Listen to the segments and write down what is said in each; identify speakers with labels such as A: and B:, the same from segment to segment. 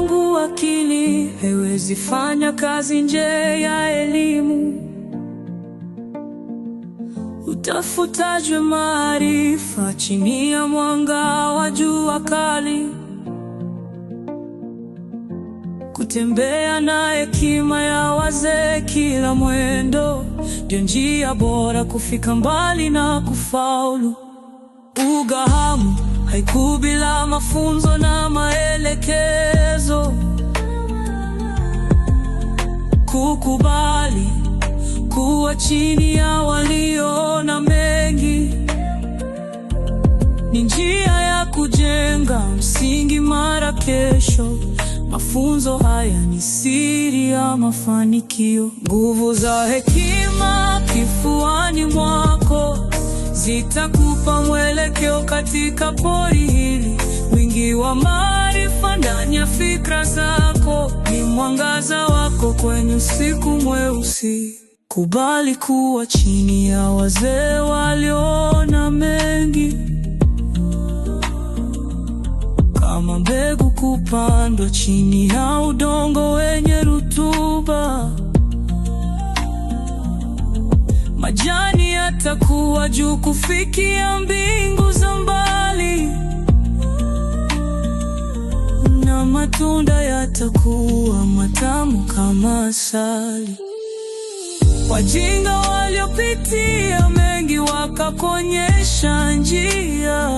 A: yangu akili haiwezi fanya kazi nje ya elimu. Utafutajwe maarifa chini ya mwanga wa jua kali. Kutembea na hekima ya wazee kila mwendo, ndio njia bora kufika mbali na kufaulu. Ugahamu haikubila mafunzo na maelekezo. kukubali kuwa chini ya walio na mengi ni njia ya kujenga msingi mara kesho. Mafunzo haya ni siri ya mafanikio.
B: Nguvu za hekima kifuani mwako zitakupa mwelekeo katika pori hili. Wingi wa maarifa ndani ya fikra zako ni mwangaza kwenye usiku mweusi.
A: Kubali kuwa chini ya wazee waliona mengi, kama mbegu kupandwa chini ya udongo wenye rutuba. Majani yatakuwa juu kufikia mbingu za mbali. matunda yatakuwa matamu kama asali. Wajinga waliopitia mengi wakakonyesha njia,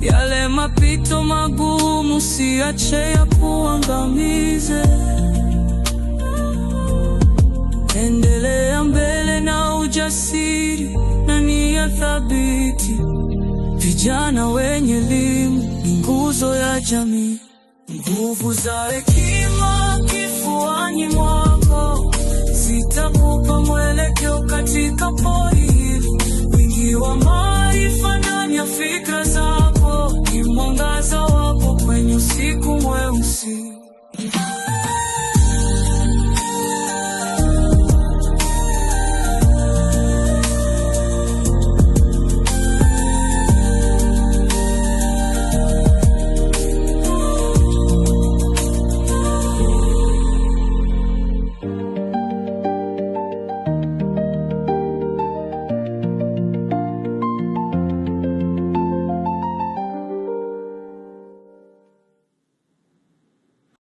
A: yale mapito magumu siache ya kuangamize. Endelea mbele na ujasiri na nia thabiti. Vijana wenye elimu ni nguzo ya jamii
B: nguvu za hekima kifuani mwako, zitakupa mwelekeo katika pori hili. Wingi wa maarifa ndani ya fikra zako ni mwangaza wako kwenye usiku mweusi.